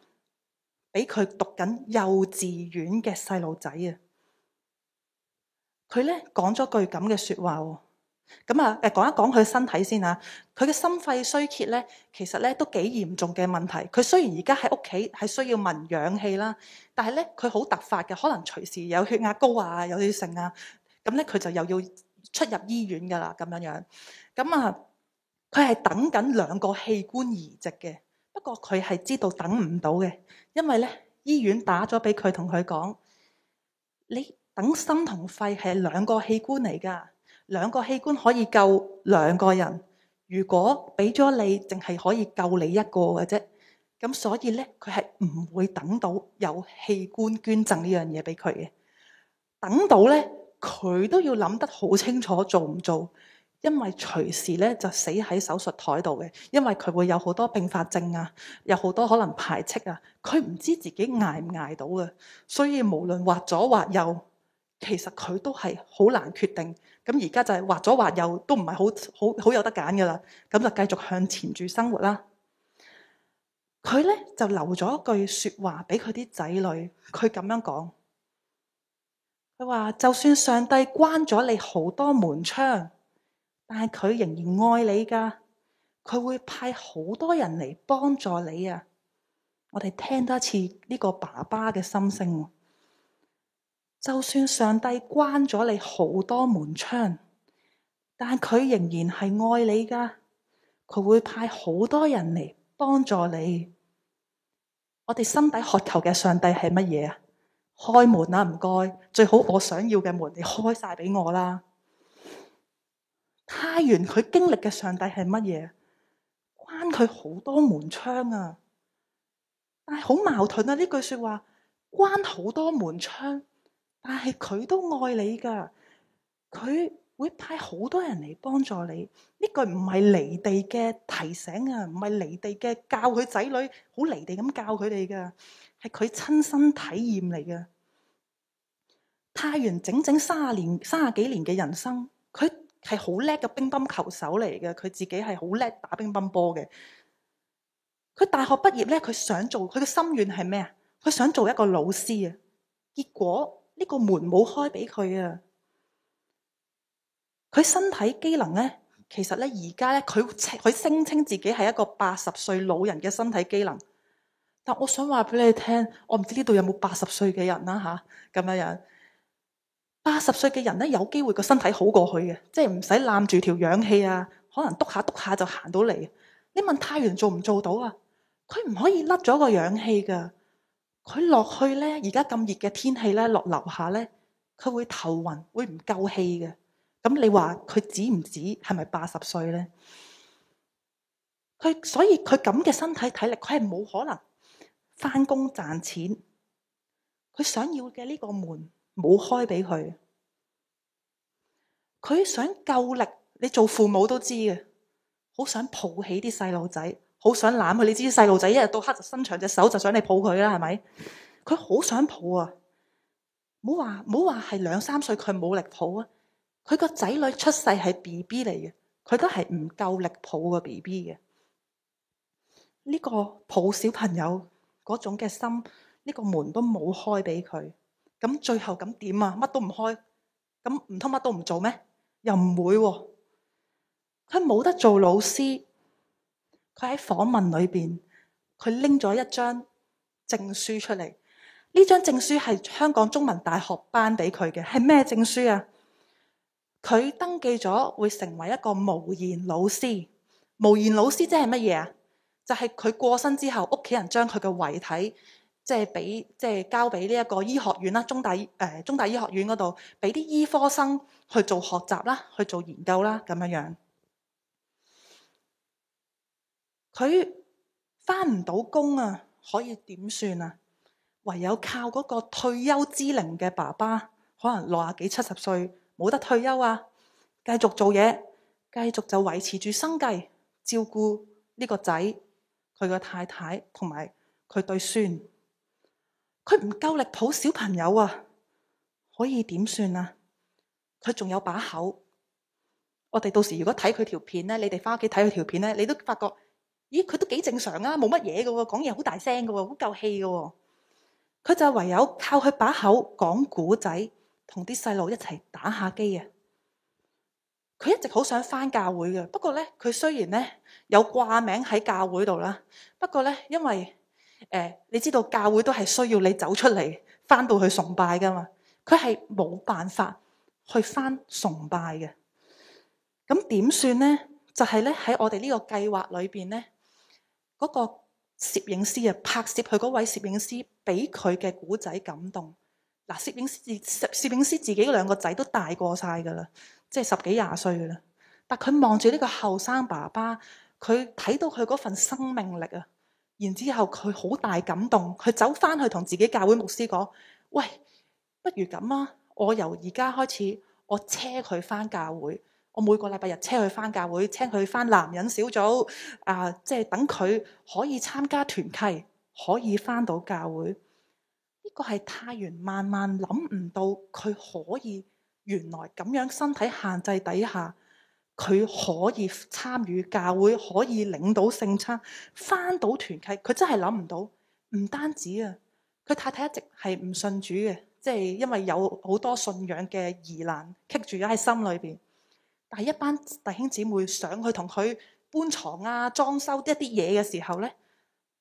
俾佢讀緊幼稚園嘅細路仔啊！佢咧講咗句咁嘅説話喎。咁、嗯、啊，誒講一講佢身體先嚇、啊。佢嘅心肺衰竭咧，其實咧都幾嚴重嘅問題。佢雖然而家喺屋企係需要聞氧氣啦，但係咧佢好突發嘅，可能隨時有血壓高啊，有啲剩啊。咁咧佢就又要出入醫院噶啦，咁樣樣。咁、嗯、啊～佢係等緊兩個器官移植嘅，不過佢係知道等唔到嘅，因為咧醫院打咗俾佢同佢講，你等心同肺係兩個器官嚟噶，兩個器官可以救兩個人，如果俾咗你，淨係可以救你一個嘅啫。咁所以咧，佢係唔會等到有器官捐贈呢樣嘢俾佢嘅，等到咧佢都要諗得好清楚，做唔做？因為隨時咧就死喺手術台度嘅，因為佢會有好多併發症啊，有好多可能排斥啊，佢唔知自己挨唔挨到嘅，所以無論劃左劃右，其實佢都係好難決定。咁而家就係劃左劃右都唔係好好好有得揀噶啦，咁就繼續向前住生活啦。佢咧就留咗句說話俾佢啲仔女，佢咁樣講：佢話就算上帝關咗你好多門窗。但係佢仍然愛你噶，佢會派好多人嚟幫助你啊！我哋聽多一次呢個爸爸嘅心聲，就算上帝關咗你好多門窗，但係佢仍然係愛你噶，佢會派好多人嚟幫助你。我哋心底渴求嘅上帝係乜嘢啊？開門啦，啊，唔該，最好我想要嘅門你開晒俾我啦。太原，佢經歷嘅上帝係乜嘢？關佢好多門窗啊！但係好矛盾啊！呢句說話，關好多門窗，但係佢都愛你噶，佢會派好多人嚟幫助你。呢句唔係離地嘅提醒啊，唔係離地嘅，教佢仔女好離地咁教佢哋噶，係佢親身體驗嚟嘅。太原整整三十年，三十幾年嘅人生，佢係好叻嘅乒乓球手嚟嘅，佢自己係好叻打乒乓波嘅。佢大學畢業咧，佢想做，佢嘅心願係咩啊？佢想做一個老師啊。結果呢、呢個門冇開俾佢啊。佢身體機能咧，其實咧而家咧，佢佢聲稱自己係一個八十歲老人嘅身體機能。但我想話俾你聽，我唔知呢度有冇八十歲嘅人啦吓，咁嘅人。啊八十歲嘅人咧，有機會個身體好過去嘅，即係唔使攬住條氧氣啊，可能篤下篤下就行到嚟。你問太源做唔做到啊？佢唔可以甩咗個氧氣噶，佢落去咧，而家咁熱嘅天氣咧，落樓下咧，佢會頭暈，會唔夠氣嘅。咁你話佢止唔止？係咪八十歲咧？佢所以佢咁嘅身體體力，佢係冇可能翻工賺錢。佢想要嘅呢個門冇開俾佢，佢想夠力，你做父母都知嘅，好想抱起啲細路仔，好想攬佢。你知啲細路仔一日到黑就伸長隻手，就想你抱佢啦，係咪？佢好想抱啊！唔好話唔好話係兩三歲，佢冇力抱啊！佢個仔女出世係 B B 嚟嘅，佢都係唔夠力抱個 B B 嘅。呢個抱小朋友嗰種嘅心，呢個門都冇開俾佢。咁最後咁點啊？乜都唔開，咁唔通乜都唔做咩？又唔會，佢冇得做老師。佢喺訪問裏邊，佢拎咗一張證書出嚟。呢張證書係香港中文大學頒俾佢嘅，係咩證書啊？佢登記咗會成為一個無言老師。無言老師即係乜嘢啊？就係佢過身之後，屋企人將佢嘅遺體，即係俾，即係交俾呢一個醫學院啦，中大誒、呃、中大醫學院嗰度俾啲醫科生去做學習啦，去做研究啦咁樣樣。佢翻唔到工啊，可以點算啊？唯有靠嗰個退休之齡嘅爸爸，可能六十幾七十歲，冇得退休啊，繼續做嘢，繼續就維持住生計，照顧呢個仔、佢個太太同埋佢對孫。佢唔夠力抱小朋友啊，可以點算啊？佢仲有把口，我哋到時如果睇佢條片咧，你哋返屋企睇佢條片咧，你都發覺，咦，佢都幾正常啊，冇乜嘢㗎，講嘢好大聲㗎，好夠氣㗎，佢就唯有靠佢把口講古仔，同啲細路一齊打下機啊。佢一直好想返教會嘅，不過咧，佢雖然咧有掛名喺教會度啦，不過咧，因為。誒、呃，你知道教會都係需要你走出嚟，翻到去崇拜噶嘛？佢係冇辦法去翻崇拜嘅。咁點算咧？就係咧喺我哋呢個計劃裏邊咧，嗰、那個攝影師啊，拍攝佢嗰位攝影師俾佢嘅古仔感動。嗱，攝影師自攝影師自己兩個仔都大過晒噶啦，即係十幾廿歲噶啦。但佢望住呢個後生爸爸，佢睇到佢嗰份生命力啊！然之後佢好大感動，佢走翻去同自己教會牧師講，喂，不如咁啊！我由而家開始，我車佢翻教會，我每個禮拜日車佢翻教會，車佢翻男人小組，啊、呃，即係等佢可以參加團契，可以翻到教會。呢、這個係太原萬萬諗唔到，佢可以原來咁樣身體限制底下。佢可以參與教會，可以領導聖餐，翻到團契，佢真係諗唔到。唔單止啊，佢太太一直係唔信主嘅，即係因為有好多信仰嘅疑難棘住咗喺心裏邊。但係一班弟兄姊妹想去同佢搬床啊、裝修一啲嘢嘅時候咧，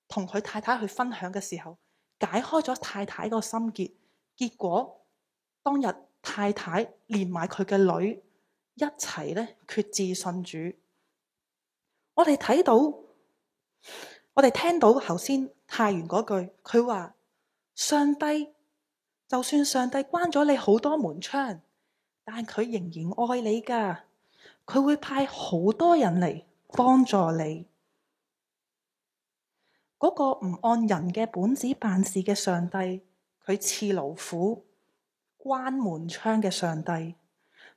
同佢太太去分享嘅時候，解開咗太太個心結。結果當日太太連埋佢嘅女。一齊咧，決志信主。我哋睇到，我哋聽到頭先太原嗰句，佢話上帝，就算上帝關咗你好多門窗，但佢仍然愛你噶，佢會派好多人嚟幫助你。嗰、個唔按人嘅本子辦事嘅上帝，佢似老虎關門窗嘅上帝。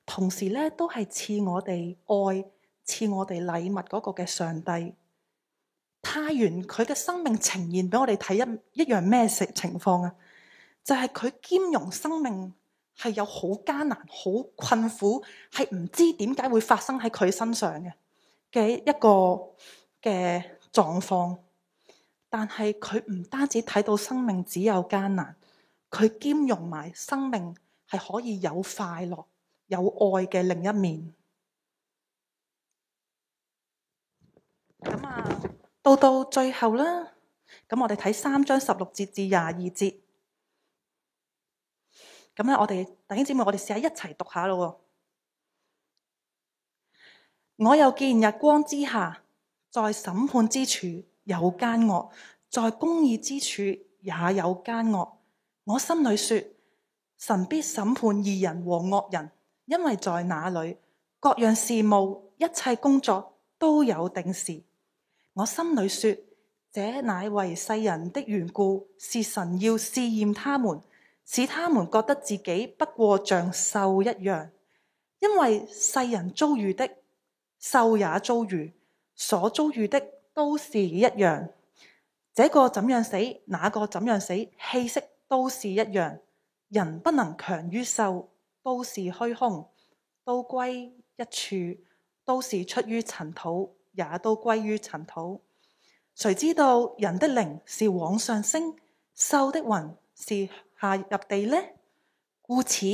同時呢，都係賜我哋愛，賜我哋禮物嗰個嘅上帝。睇完佢嘅生命呈現俾我哋睇一一樣咩情情況啊？就係、是、佢兼容生命係有好艱難、好困苦，係唔知點解會發生喺佢身上嘅嘅一個嘅狀況。但係佢唔單止睇到生命只有艱難，佢兼容埋生命係可以有快樂。有愛嘅另一面。咁啊，到到最後啦，咁我哋睇三章十六節至廿二節。咁咧，我哋弟兄姊妹，我哋試下一齊讀下咯。我又見日光之下，在審判之處有奸惡，在公義之處也有奸惡。我心裏說：神必審判義人和惡人。因為在那裏，各樣事務、一切工作都有定時。我心裏說，這乃為世人的緣故，是神要試驗他們，使他們覺得自己不過像獸一樣。因為世人遭遇的，獸也遭遇；所遭遇的都是一樣。這個怎樣死，那個怎樣死，氣息都是一樣。人不能強於獸。都是虛空，都歸一處，都是出於塵土，也都歸於塵土。誰知道人的靈是往上升，獸的魂是下入地呢？故此，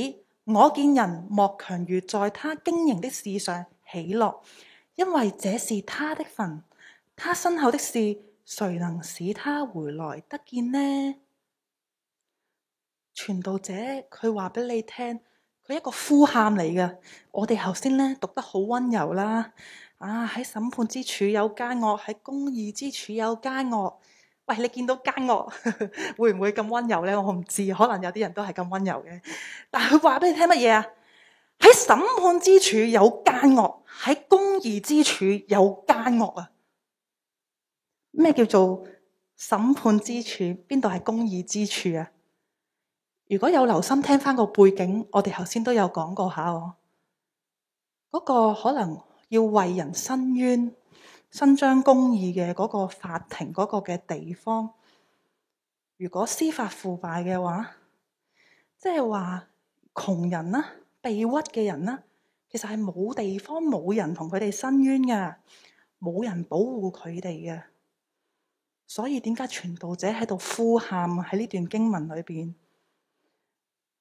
我見人莫強如在他經營的事上喜樂，因為這是他的分。他身後的事，誰能使他回來得見呢？傳道者佢話俾你聽。佢一個呼喊嚟㗎，我哋頭先咧，讀得好溫柔啦，啊喺審判之處有奸惡，喺公義之處有奸惡。喂，你見到奸惡 會唔會咁溫柔咧？我唔知，可能有啲人都係咁溫柔嘅。但係佢話俾你聽乜嘢啊？喺審判之處有奸惡，喺公義之處有奸惡啊？咩叫做審判之處？邊度係公義之處啊？如果有留心聽翻個背景，我哋頭先都有講過下哦。嗰個可能要為人申冤、伸張公義嘅嗰個法庭、嗰個嘅地方，如果司法腐敗嘅話，即係話窮人啦、被屈嘅人啦，其實係冇地方、冇人同佢哋申冤嘅，冇人保護佢哋嘅。所以點解傳道者喺度呼喊喺呢段經文裏邊？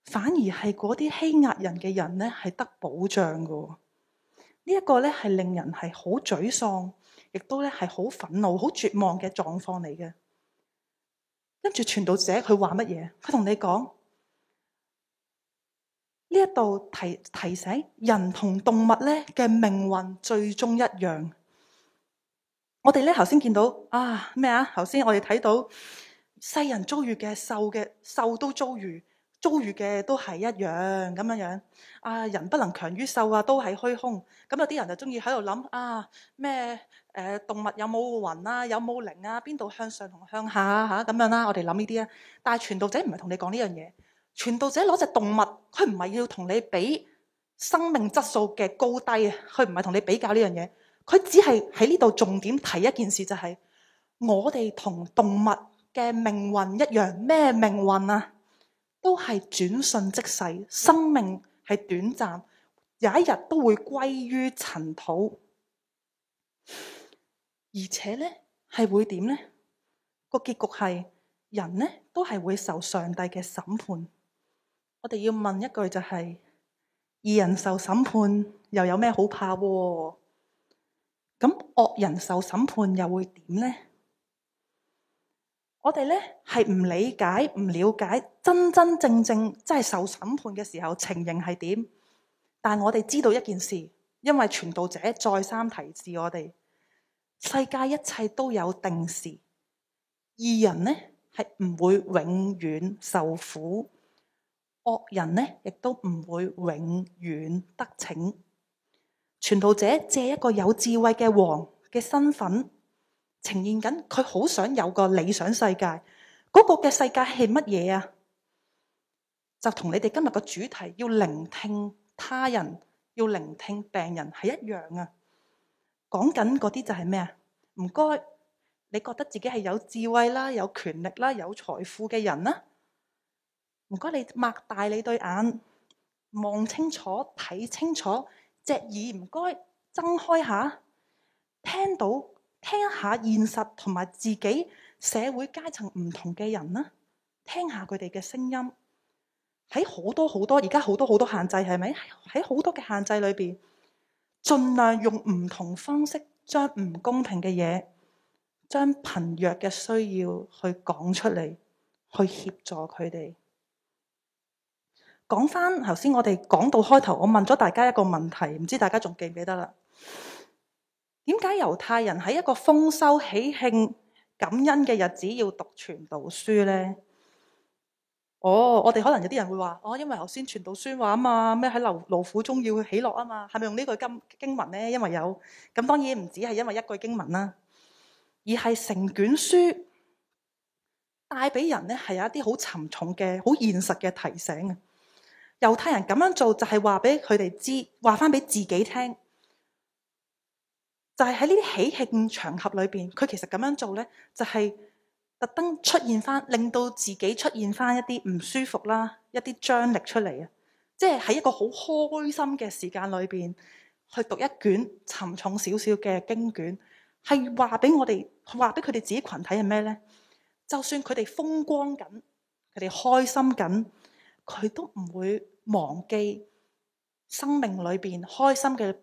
反而係嗰啲欺壓人嘅人咧，係得保障噶。呢一個咧，係令人係好沮喪，亦都咧，係好憤怒、好絕望嘅狀況嚟嘅。跟住傳道者佢話乜嘢？佢同你講呢一度提提醒人同動物咧嘅命運最終一樣。我哋咧頭先見到啊咩啊？頭先我哋睇到世人遭遇，嘅獸嘅獸都遭遇。遭遇嘅都係一樣咁樣樣，啊人不能強於獸啊，都係虛空。咁有啲人就中意喺度諗啊咩誒、呃、動物有冇魂啊，有冇靈啊？邊度向上同向下啊吓咁樣啦，我哋諗呢啲啊。但係傳道者唔係同你講呢樣嘢，傳道者攞隻動物，佢唔係要同你比生命質素嘅高低啊，佢唔係同你比較呢樣嘢，佢只係喺呢度重點提一件事就係、是、我哋同動物嘅命運一樣咩命運啊？都係轉瞬即逝，生命係短暫，有一日都會歸於塵土。而且咧，係會點呢？個結局係人呢都係會受上帝嘅審判。我哋要問一句就係：義人受審判又有咩好怕喎？咁惡人受審判又會點呢？我哋呢係唔理解、唔了解真真正正真係受審判嘅時候情形係點，但我哋知道一件事，因為傳道者再三提示我哋，世界一切都有定時，義人呢係唔會永遠受苦，惡人呢亦都唔會永遠得逞。傳道者借一個有智慧嘅王嘅身份。呈現緊佢好想有個理想世界，嗰個嘅世界係乜嘢啊？就同你哋今日個主題要聆聽他人，要聆聽病人係一樣啊！講緊嗰啲就係咩啊？唔該，你覺得自己係有智慧啦、有權力啦、有財富嘅人啦，唔該，你擘大你對眼，望清楚、睇清楚，隻耳唔該睜開下，聽到。聽下現實同埋自己社會階層唔同嘅人啦，聽下佢哋嘅聲音。喺好多好多而家好多好多限制，係咪？喺好多嘅限制裏邊，盡量用唔同方式將唔公平嘅嘢，將貧弱嘅需要去講出嚟，去協助佢哋。講翻頭先，我哋講到開頭，我問咗大家一個問題，唔知大家仲記唔記得啦？點解猶太人喺一個豐收喜慶感恩嘅日子要讀傳道書咧？哦、oh，我哋可能有啲人會話，哦、oh，因為頭先傳道書話啊嘛，咩喺流勞苦中要喜樂啊嘛，係咪用呢句經經文咧？因為有咁，當然唔止係因為一句經文啦，而係成卷書帶俾人咧，係有一啲好沉重嘅，好現實嘅提醒。猶太人咁樣做就係話俾佢哋知，話翻俾自己聽。就係喺呢啲喜慶場合裏邊，佢其實咁樣做咧，就係特登出現翻，令到自己出現翻一啲唔舒服啦，一啲張力出嚟啊！即係喺一個好開心嘅時間裏邊，去讀一卷沉重少少嘅經卷，係話俾我哋，話俾佢哋自己群體係咩咧？就算佢哋風光緊，佢哋開心緊，佢都唔會忘記生命裏邊開心嘅。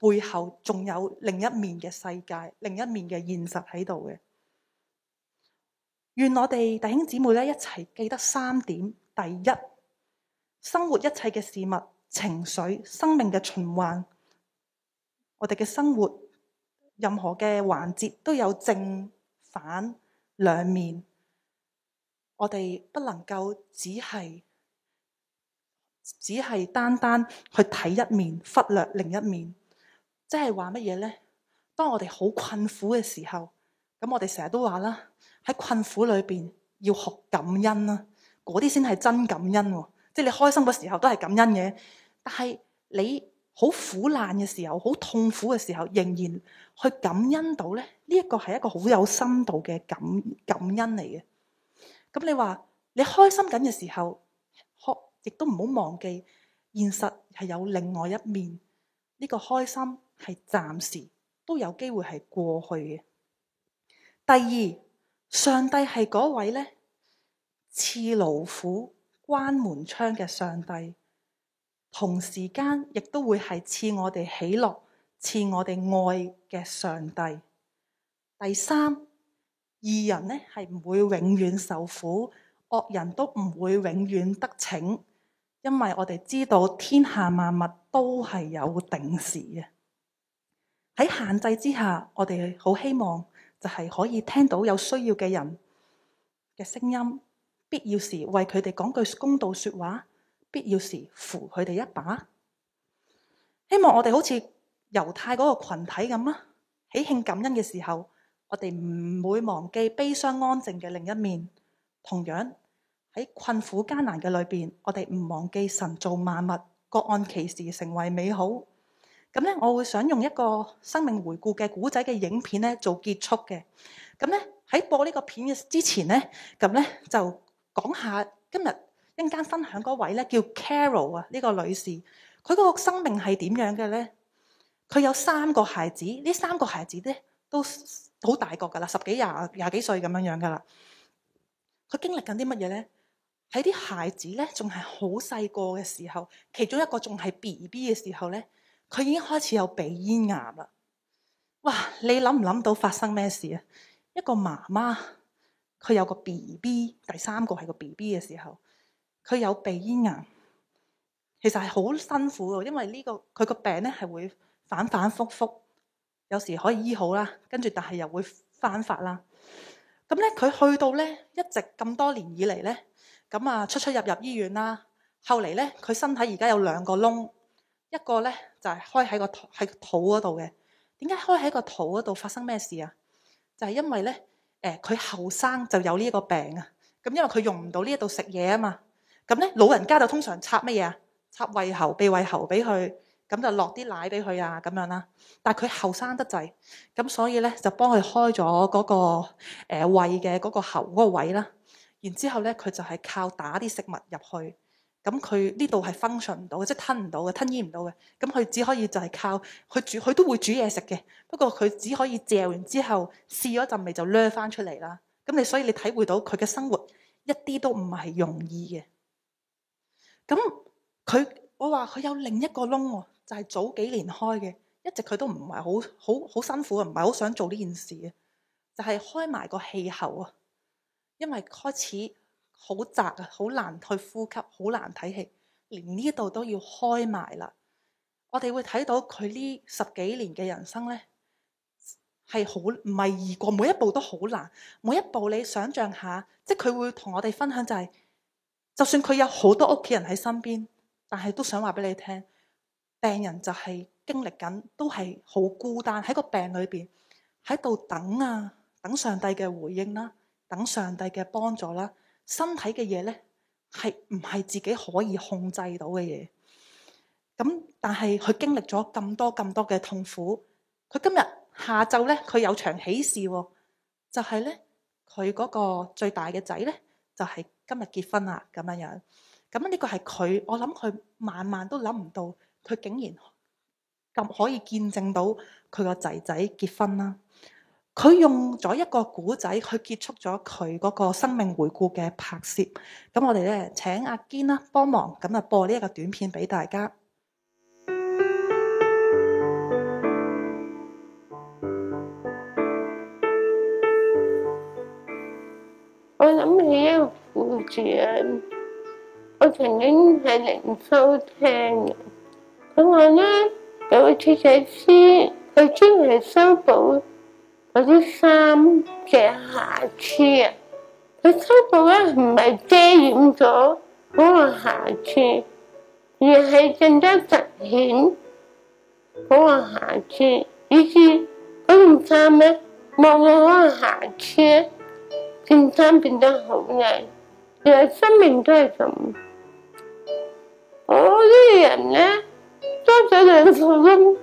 背後仲有另一面嘅世界，另一面嘅現實喺度嘅。願我哋弟兄姊妹咧一齊記得三點，第一，生活一切嘅事物、情緒、生命嘅循環，我哋嘅生活任何嘅環節都有正反兩面，我哋不能夠只係只係單單去睇一面，忽略另一面。即係話乜嘢咧？當我哋好困苦嘅時候，咁我哋成日都話啦，喺困苦裏邊要學感恩啦。嗰啲先係真感恩。即係你開心嘅時候都係感恩嘅，但係你好苦難嘅時候、好痛苦嘅時候，仍然去感恩到咧，呢、這個、一個係一個好有深度嘅感感恩嚟嘅。咁你話你開心緊嘅時候，亦都唔好忘記現實係有另外一面，呢、這個開心。係暫時都有機會係過去嘅。第二，上帝係嗰位呢賜勞苦關門窗嘅上帝，同時間亦都會係賜我哋喜樂、賜我哋愛嘅上帝。第三，義人呢係唔會永遠受苦，惡人都唔會永遠得逞，因為我哋知道天下萬物都係有定時嘅。喺限制之下，我哋好希望就係可以聽到有需要嘅人嘅聲音，必要時為佢哋講句公道說話，必要時扶佢哋一把。希望我哋好似猶太嗰個群體咁啊，喜慶感恩嘅時候，我哋唔會忘記悲傷安靜嘅另一面。同樣喺困苦艱難嘅裏邊，我哋唔忘記神造萬物各按其時成為美好。咁咧，我會想用一個生命回顧嘅古仔嘅影片咧做結束嘅。咁咧喺播呢個片嘅之前咧，咁咧就講下今日一陣間分享嗰位咧叫 Carol 啊，呢個女士，佢個生命係點樣嘅咧？佢有三個孩子，呢三個孩子咧都好大個噶啦，十幾廿廿幾歲咁樣樣噶啦。佢經歷緊啲乜嘢咧？喺啲孩子咧仲係好細個嘅時候，其中一個仲係 BB 嘅時候咧。佢已經開始有鼻咽癌啦！哇，你諗唔諗到發生咩事啊？一個媽媽，佢有個 B B，第三個係個 B B 嘅時候，佢有鼻咽癌，其實係好辛苦嘅，因為、這個、呢個佢個病咧係會反反覆覆，有時可以醫好啦，跟住但係又會翻發啦。咁咧，佢去到咧一直咁多年以嚟咧，咁啊出出入入醫院啦。後嚟咧，佢身體而家有兩個窿。一個咧就係開喺個喺肚嗰度嘅。點解開喺個肚嗰度發生咩事啊？就係、是、因為咧，誒佢後生就有呢個病啊。咁因為佢用唔到呢一度食嘢啊嘛，咁咧老人家就通常插乜嘢啊？插胃喉、鼻胃喉俾佢，咁就落啲奶俾佢啊，咁樣啦。但係佢後生得滯，咁所以咧就幫佢開咗嗰、那個誒、呃、胃嘅嗰個喉嗰個位啦。然之後咧佢就係靠打啲食物入去。咁佢呢度係 function 唔到嘅，即係吞唔到嘅，吞咽唔到嘅。咁佢只可以就係靠佢煮，佢都會煮嘢食嘅。不過佢只可以嚼完之後試咗陣味就掠翻出嚟啦。咁你所以你體會到佢嘅生活一啲都唔係容易嘅。咁佢我話佢有另一個窿喎、哦，就係、是、早幾年開嘅，一直佢都唔係好好好辛苦嘅，唔係好想做呢件事嘅，就係、是、開埋個氣口啊，因為開始。好窄啊！好難去呼吸，好難睇戲，連呢度都要開埋啦。我哋會睇到佢呢十幾年嘅人生咧，係好，唔係易過，每一步都好難。每一步你想象下，即係佢會同我哋分享就係、是，就算佢有好多屋企人喺身邊，但係都想話俾你聽，病人就係經歷緊，都係好孤單喺個病裏邊喺度等啊，等上帝嘅回應啦，等上帝嘅幫助啦。身體嘅嘢咧，係唔係自己可以控制到嘅嘢？咁但係佢經歷咗咁多咁多嘅痛苦，佢今日下晝咧，佢有場喜事，就係咧佢嗰個最大嘅仔咧，就係、是、今日結婚啦咁樣樣。咁呢、這個係佢，我諗佢萬萬都諗唔到，佢竟然咁可以見證到佢個仔仔結婚啦。佢用咗一個故仔去結束咗佢嗰個生命回顧嘅拍攝，咁我哋咧請阿堅啦、啊、幫忙，咁啊播呢一個短片俾大家。我諗起一個故事、啊、我曾經係靈修聽嘅，佢話呢有一個設計師，佢專門修補。有啲衫嘅瑕疵，佢修補咧唔係遮掩咗嗰個瑕疵，而係更加凸顯嗰個瑕疵。以至嗰件衫咧望到嗰個瑕疵，件衫變得好靚，而生命都係咁。我啲人咧都識得做人，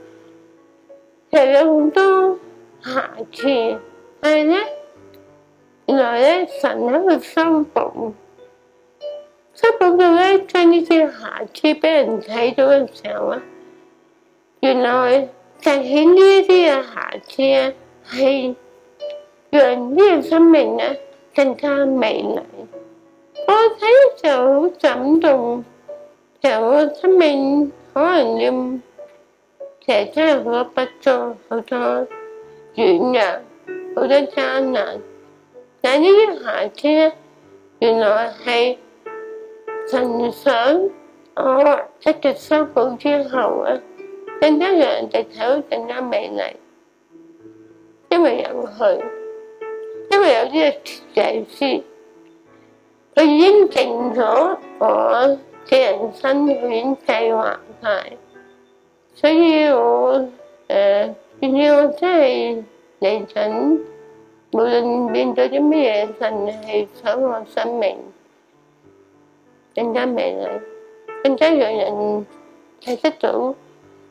其實好多。瑕疵，原來原來神喺度修補，修補，原來將呢啲瑕疵俾人睇咗嘅時候啊，原來提醒呢啲嘅瑕疵係人啲生命啊更加美麗。我睇就好感動，就我生命可能要其實我不足好多。短日好多艱難，但係呢啲孩子，原來係神想我一修補之後啊，更加讓人哋睇到更加美麗，因為有佢，因為有啲嘅設計師，佢已經定咗我嘅人生計劃係，所以我誒。只要真係嚟緊，無論面對啲咩嘢，神係想我生命更加美麗，更加讓人睇得到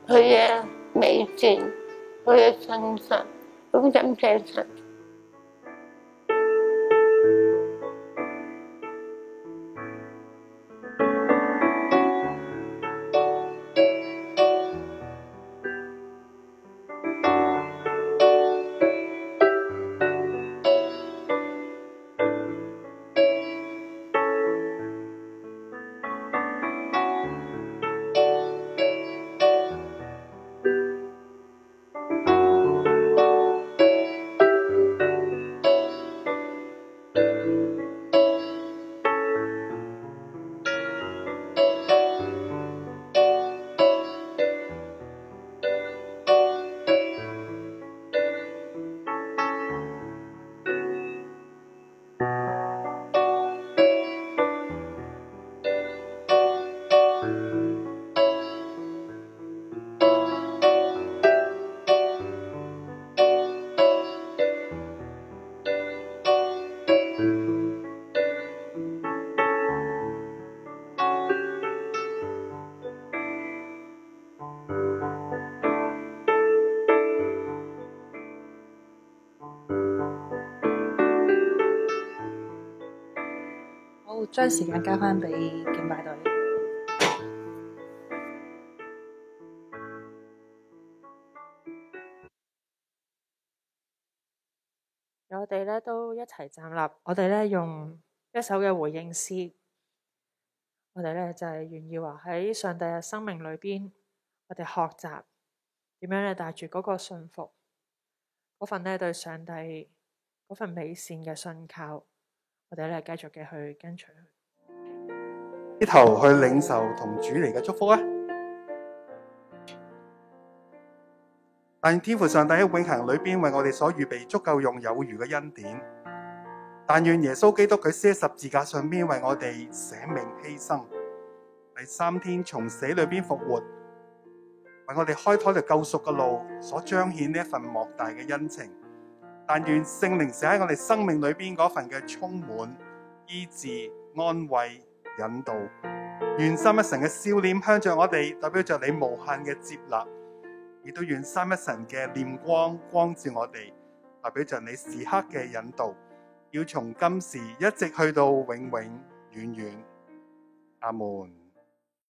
佢嘅美善，佢嘅真實，都咁真實。將時間交返畀敬拜隊，我哋都一齊站立。我哋用一首嘅回應詩，我哋就係願意話喺上帝嘅生命裏邊，我哋學習點樣咧帶住嗰個信服，嗰份咧對上帝嗰份美善嘅信靠。我哋咧繼續嘅去跟隨佢呢頭去領受同主嚟嘅祝福啊！但願天父上帝喺永恒裏邊為我哋所預備足夠用有餘嘅恩典。但願耶穌基督佢喺十字架上邊為我哋捨命犧牲，第三天從死裏邊復活，為我哋開拓咗救贖嘅路，所彰顯呢一份莫大嘅恩情。但願聖靈寫喺我哋生命裏邊嗰份嘅充滿、醫治安慰引導，願三一神嘅笑臉向着我哋，代表着你無限嘅接納，亦都願三一神嘅念光光照我哋，代表着你時刻嘅引導，要從今時一直去到永永遠遠遠。阿門。